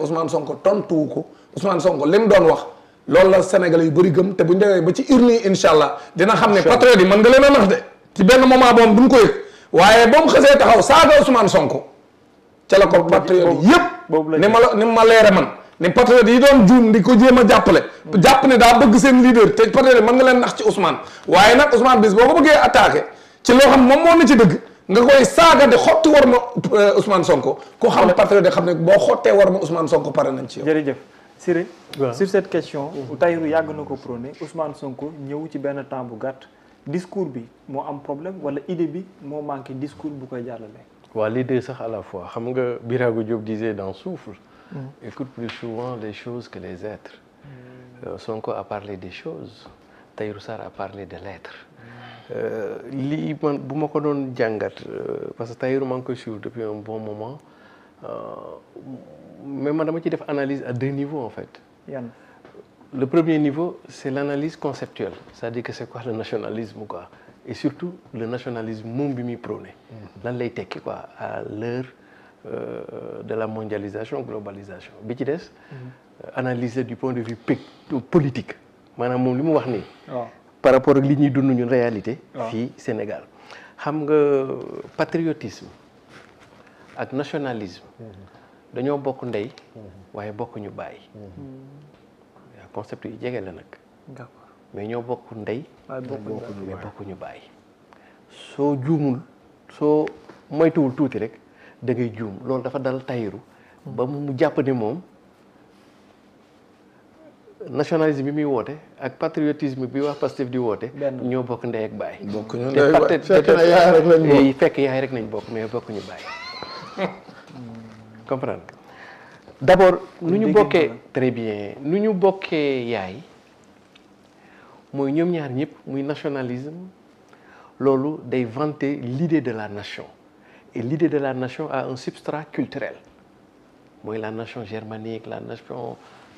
Ousmane Sonko tontuwu ko Ousmane Sonko li mu doon wax loolu la Sénégalais yu bëri gëm te bu ñu demee ba ci urne yi incha allah dina xam ne patriote yi mën nga leen a benn moment boobu duñ ko yëg waaye ba mu xasee taxaw saaga Sonko ca la ko patriote yëpp ni ma la ma leere man ni patriote yi doon juum di ko jéem a jàppale hmm. jàpp ne daa bëgg seen leader te patriote yi mën nga leen nax ci Ousmane waaye nag Ousmane bis boo ko bëggee attaqué ci loo xam moom moo na ci dëgg nga koy saaga de xotti war ma euh, Ousmane Sonko ku xam parti de xam ne boo xottee war ma Ousmane Sonko pare nañ ci yow. jërëjëf Siré sur cette question mm-hmm. Tahirou yàgg na ko prôné usmaan Sonko ñëw ci benn temps bu gàtt discours bi moo am problème wala idée bi moo manqué discours bu koy jàllale waa les deux sax à la fois xam nga Birago Diop disait dans Souffle mm-hmm. écoute plus souvent les choses que les êtres mm-hmm. euh, Sonko a parlé de choses Tahirou Sarr a parlé de l'être Euh, lii man bu ma ko doon jàngat euh, parce que Tahirou maa ngi koy suivre depuis un bon moment euh, mais man dama ci def analyse à deux niveaux en fait. le premier niveau c' est l' analyse conceptuelle c'est-à-dire que c' est quoi le nationalisme quoi et surtout le nationalisme moom bi muy prôné. Mhm. lan lay tekki quoi à l'heure de la mondialisation globalisation bi ci des. Mhm. analyser du point de vue politique maanaam moom li mu wax nii. par rapport ak li ñuy dund ñu réalité. Ah. fii Sénégal xam nga patriotisme ak nationalisme. Mm-hmm. dañoo bokk ndey. Mm-hmm. waaye bokkuñu bàyyi. waaw mm-hmm. concept yu jege la nag. mais ñoo bokk ndey. waaye bokkuñu mais bàyyi. soo juumul soo moytuwul tuuti rek da ngay juum loolu dafa dal Tahirou. ba mu jàpp ne moom. nationalisme bi muy woote ak patriotisme bi wax Pastef di woote. ñoo bokk ndey ak baay. bokk ñu ndey ak baay fekk na yaay rek eh, bokk fekk yaay rek nañ bokk ñu baay. comprendre d' abord nu ñu bokkee très bien nu ñu bokkee yaay mooy ñoom ñaar ñëpp muy nationalisme loolu day vante l'idée de la nation et l'idée de la nation a un substrat culturel mooy la nation germanique la nation.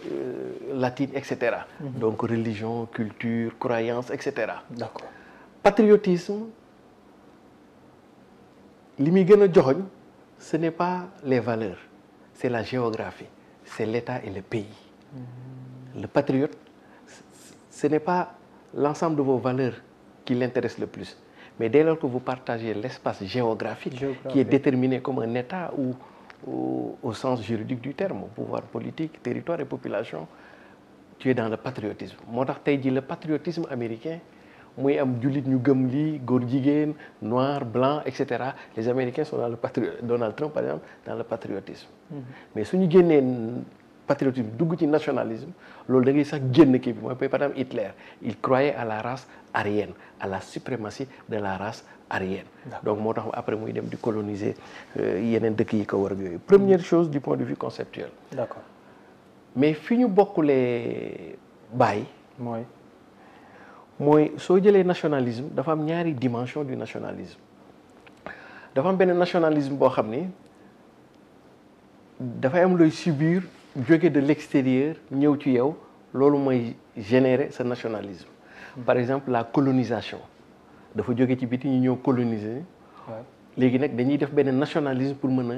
Euh, latine et cetera. Mhm. donc religion culture croyance et cetera. d'accord patriotisme li muy gën a joxoñ ce n'est pas les valeurs c'est la géographie c'est l'État et le pays. Mhm. le patriote ce n'est pas l'ensemble de vos valeurs qui l'intéresse le plus mais dès lors que vous partagez l'espace géographique qui est déterminé comme un État ou au, au, sens juridique du terme pouvoir politique territoire et dans le patriotisme moo tax tey jii le patriotisme américain muy am jullit ñu gëm lii góor jigéen noir blanc et cetera les américains sont dans le patri Donald Trump par exemple dans le patriotisme. Mm -hmm. mais suñu patriotisme dugg ci nationalisme loolu da ngay sax génn kii bi mooy par exemple Hitler il croyait à la race aryenne à la suprématie de la race aryenne donc moo tax après muy dem di coloniser euh, yeneen dëkk yi ko war ak yooyu première chose du point de vue conceptuel mais fi ñu bokkulee bàyyi mooy mooy soo jëlee nationalisme dafa am ñaari dimension du nationalisme dafa am benn nationalisme boo xam ni dafay am looy subir jóge de l'extérieur ñëw ci yow loolu mooy générer sa nationalisme par exemple la colonisation dafa jóge ci biti ñu ñëw coloniser léegi nag dañuy def beneen nationalisme pour mën a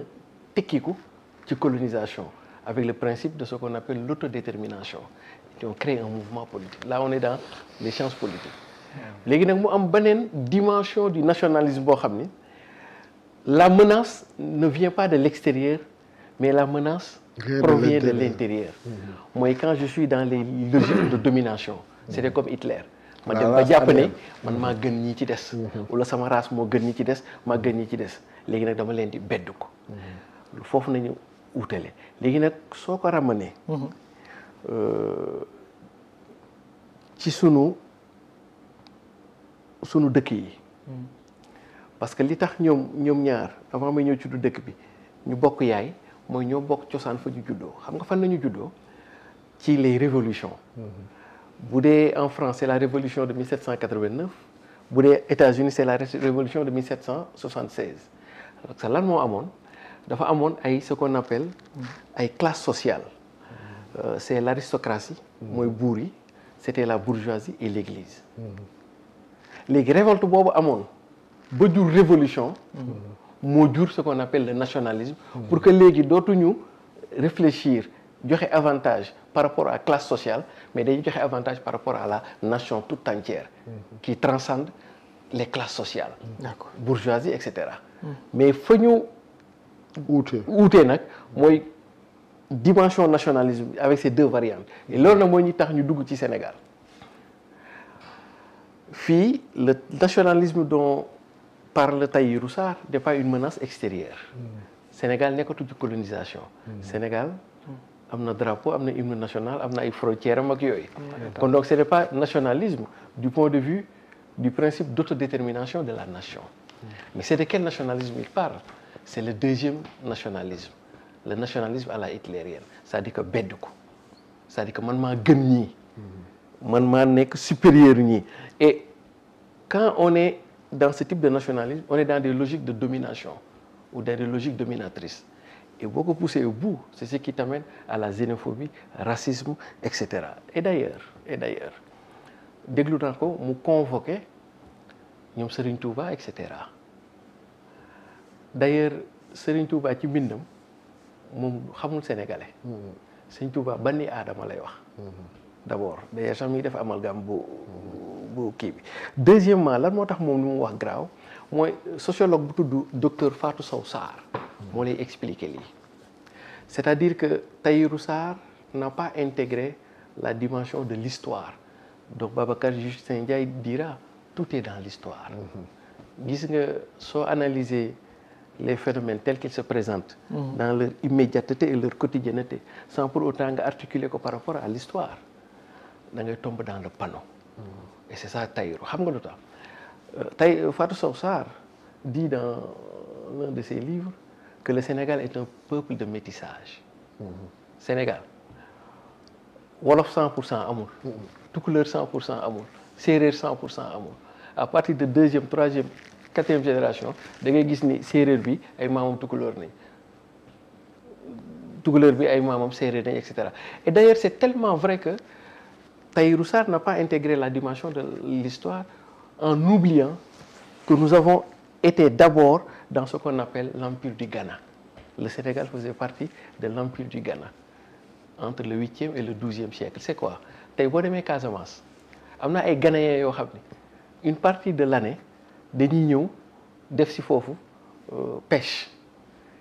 tekkiku ci colonisation avec le principe de ce qu'on appelle l'autodétermination et on crée un mouvement politique là on est dans les sciences politiques léegi nag mu am beneen dimension du nationalisme boo xam ni la menace ne vient pas de l'extérieur mais la menace provient de l'intérieur mhm. mooy quand je suis dans les logiques de domination c'était mhm. comme Hitler ma dem ba jàpp man maa gën ñi ci des mhm. wala sama race moo gën ñi ci des maa gën ñi ci des léegi nag dama leen di beddu ko foofu nañu wutale léegi nag soo ko ramené euh, ci sunu sunu dëkk yi parce que li tax ñoom ñoom ñaar avant ma ñëw ci du dëkk bi ñu bokk yaay mooy ñoo bokk cosaan fa ñu juddoo xam nga fan nañu juddoo ci les révolution mm-hmm. bu dee en France c'est la révolution de 1789 bu dee États-Unis c'est la révolution de 1776 donc sa lan moo amoon dafa amoon ay ce qu'on appelle ay classes sociales mm-hmm. euh, c'est l'aristocratie mm-hmm. mooy buur yi c'était la bourgeoisie et l'église léegi révolte boobu amoon ba jur révolution moo jur ce qu'on appelle le nationalisme pour que léegi dootuñu réfléchir joxe avantage par rapport à la classe sociale mais dañu joxe avantage par rapport à la nation tout entière qui transcende les classes sociales d'accord bourgeoisie et cetera mm. mais fa ñu uute nag mooy dimension nationalisme avec ces deux variantes loolu na mooy ñu tax ñu dugg ci Sénégal fii le nationalisme dont par le Tahirou Sarr n'est pas une menace extérieure hmm. Sénégal nekkatu ci colonisation hmm. Sénégal am na drapeau am na hymne national am na ay frontières am ak yooyu hmm. kon donc ce n'est pas nationalisme du point de vue du principe d'autodétermination de la nation mais c'est de quel nationalisme il parle c'est le deuxième nationalisme le nationalisme à la hitlérienne c'est-à-dire que bedd ko c'est-à-dire que man ma gën ñii man maa nekk supérieur ñii et quand on est dans ce type de nationalisme, on est dans des logiques de domination ou dans des logiques dominatrices. Et beaucoup poussé au bout, c'est ce qui à la xénophobie, racisme, etc. Et d'ailleurs, et d'ailleurs, déglu naa ko mu convoqué ñoom Serigne Touba et cetera d'ailleurs Serigne Touba ci mbindam moom xamul sénégalais. Mm-hmm. Serigne Touba banni aadama lay wax. Mm-hmm. d'abord d'ailleurs sax muy def amalgame bu. Mm-hmm. bu kii bi deuxièmement lan moo tax moom lu mu wax graaw mooy sociologue bu tudd docteur Fatou Sow Sarr moo lay explique lii cest a dire que Tahirou Sarr n'a pas intégré la dimension de l'histoire donc Babacar Justin Ndiaye dira tout est dans l'histoire mm-hmm. gis nga soo analyser les phénomènes tels qu'ils se présentent mm-hmm. dans leur immédiateté et leur quotidienneté sans pour nga articuler ko par rapport à l'histoire da ngay dans le panneau et c'est ça Tahirou xam nga lu tax euh, tey Fatou Sow Sarr dit dans l'un de ses livres que le Sénégal est un peuple de métissage mm-hmm. Sénégal wolof 100 pour cent amul tukuleur cent pour cent amul séeréer cent pour cent amul à partir de deuxième troisième quatrième génération da ngay gis ni séeréer bi ay maamam tukuleur nañ tukuleur bi ay maamam séréer nañ et cetera et d'ailleurs c'est tellement vrai que Tahirou Sarr n'a pas intégré la dimension de l'histoire en oubliant que nous avons été d'abord dans ce qu'on appelle l'Empire du Ghana. Le Sénégal faisait partie de l'Empire du Ghana entre le 8e et le 12e siècle. C'est quoi tey boo demee Casamance am na ay Ghanéens yoo xam ne une partie de l'année dañuy ñëw def ci foofu euh, pêche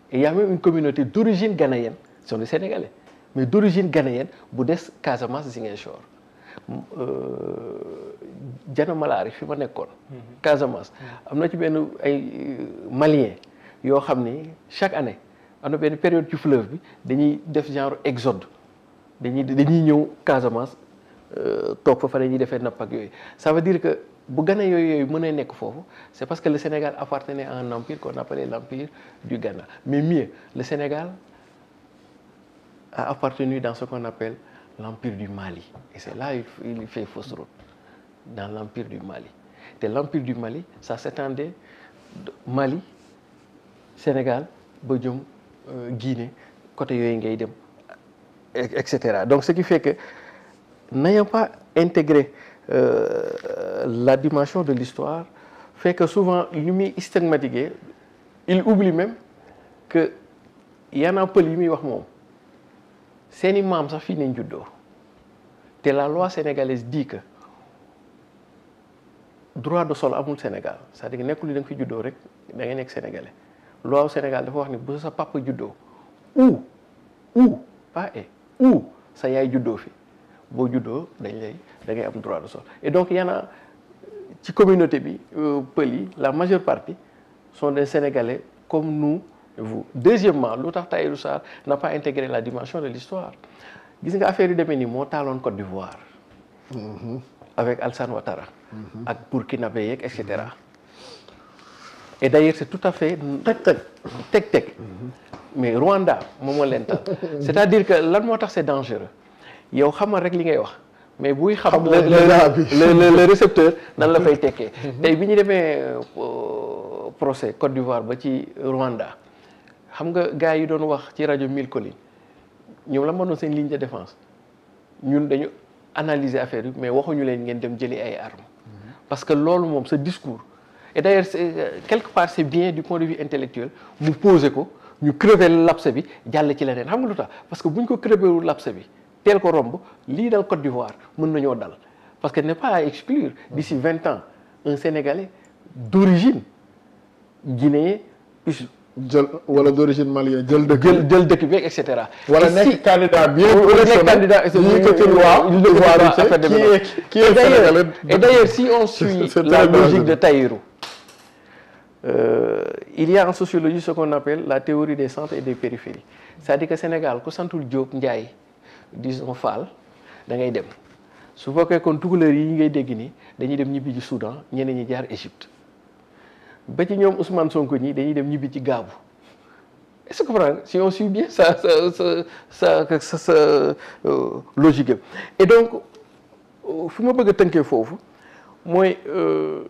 et il y a même une communauté d'origine ghanéenne sont des Sénégalais mais d'origine ghanéenne bu des Casamance si Ziguinchor Euh, jana malaari fi ma nekkoon. Mhm. Casamance am na ci benn ay euh, Malien yoo xam ni chaque année am na benn période ci fleuve bi dañuy def genre exode dañuy dañuy ñëw Casamance euh, toog fa fa la ñuy defee napp ak yooyu ça veut dire que bu Ghana yooyu yooyu mënee nekk foofu c'est parce que le Sénégal appartenait en un empire qu'on appelait l'empire du Ghana mais mieux le Sénégal a appartenu dans ce qu'on appelle l'empire du Mali et c'est là il, il fait fausse route dans l'empire du Mali te l'empire du Mali ça s'étendait Mali Sénégal ba jëm euh, Guinée côté yooyu ngay dem et cetera donc ce qui fait que n'ayant pas intégré euh, la dimension de l'histoire fait que souvent li muy stigmatisé il oublie même que yanaa pël yi muy wax moom seeni maam sax fii nañ juddoo te la loi sénégalaise dii ka droit de sol amul Sénégal c'est-à-dire nekkul li da fi juddoo rek da nga nekk sénégalais loi Sénégal dafa wax ni bu sa papa juddoo ou ou pas et ou sa yaay juddoo fi boo juddoo dañ lay da ngay am droit de sol et donc y en ci communauté bi euh, pël yi la majeure partie sont des sénégalais comme nous deuxièmement lu tax Tahirou Sarr n'a pas intégré la dimension de l'histoire gis nga affaire yu demee nii moo taaloon Côte d'Ivoire. Mm-hmm. avec Alassane Ouattara. Mm-hmm. ak Burkinabé yeeg et cetera. et d'ailleurs c'est tout à fait teg teg teg mm-hmm. mais Rwanda moom a leen tal c'est-à-dire que lan moo tax c'est dangereux yow xamal rek li ngay wax mais buy xam le le le récepteur nan la fay tekkee tey bi ñu demee euh, procès Côte d'Ivoire ba ci Rwanda xam nga gars yi doon wax ci rajo Mille Collines ñoom la mënoon seen ligne de défense ñun dañu analyser affaire bi mais waxuñu leen ngeen dem jëli ay armes mhm. parce que loolu moom sa discours et d'ailleurs euh, quelque part c'est bien du point de vue intellectuel mu poser ko ñu crever l'abcès bi jàll ci leneen xam nga lu tax parce que bu ñu ko creverul l'abcès bi teel ko romb lii dal Côte d'Ivoire mën nañoo dal parce que n'est pas à exclure d'ici vingt ans un Sénégalais d'origine jël wala d'origine malienne jël dëkk jël jël dëkk bi et cetera. wala nekk candidat bien et d'ailleurs si la logique de Tahirou euh, sociologie ce qu'on la théorie des centres et des périphéries c'est-à-dire que Sénégal ku santul Diop Ndiaye disons Fall da ngay dem su bokkee kon tukulër yi ngay dégg ni dañuy dem ñibbi ji Soudan ñeneen ñi jaar Égypte. ba ci ñoom Ousmane Sonko ñii dañuy dem ñibbi ci gaabu est-ce que comprendre si on suit bien sa sa sa sa sa sa euh, donc euh, fu ma bëgg a tënkee foofu mooy euh,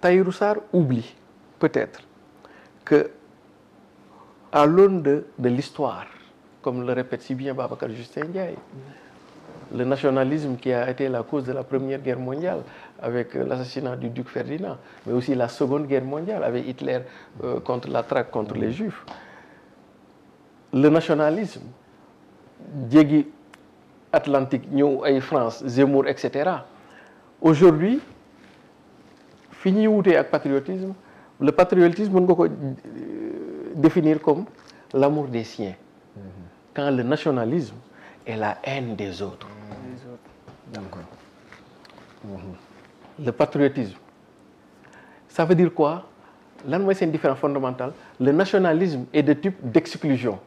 Tahirou Sarr oublie peut-être que à l'aune de de l'histoire comme le répète si bien Babacar Justin Ndiaye le nationalisme qui a été la cause de la Première Guerre mondiale avec euh, l'assassinat du duc Ferdinand, mais aussi la Seconde Guerre mondiale avec Hitler euh, contre la traque contre les Juifs. Le nationalisme, Diegui Atlantique, New et France, Zemmour, etc. Aujourd'hui, fini ak patriotisme. Le patriotisme, on peut définir comme l'amour des siens. Mm-hmm. Quand le nationalisme, et la haine des autres. D'accord. Mhm. Le patriotisme. Ça veut dire quoi? lan mooy seen différence fondamentale le nationalisme est de type d'exclusion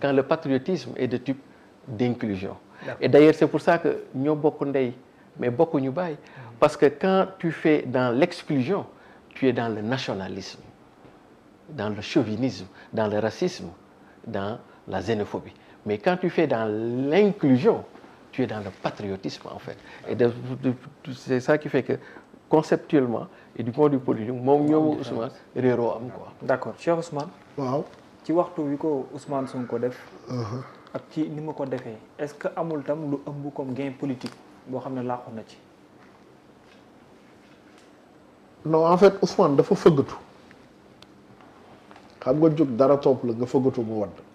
quand le patriotisme est de type d'inclusion et d'ailleurs c'est pour ça que ñoo bokk ndey mais bokkuñu baay parce que quand tu fais dans l'exclusion tu es dans le nationalisme dans le chauvinisme dans le racisme dans la xénophobie Mais quand tu fais dans l'inclusion, tu es dans le patriotisme en fait. Et c'est ça qui fait que conceptuellement du point de moom ñoom Ousmane réeroo am quoi. d'accord Cheikh Ousmane. waaw ci waxtu wi ko Ousmane Sonko def. Uh-huh. ak ci ni mu ko defee est-ce que amul tam lu ëmb comme gain politique boo xam ne laaxoon na ci. non en fait Ousmane dafa fëggatu xam nga jóg dara topp la nga fëggatu mu wadd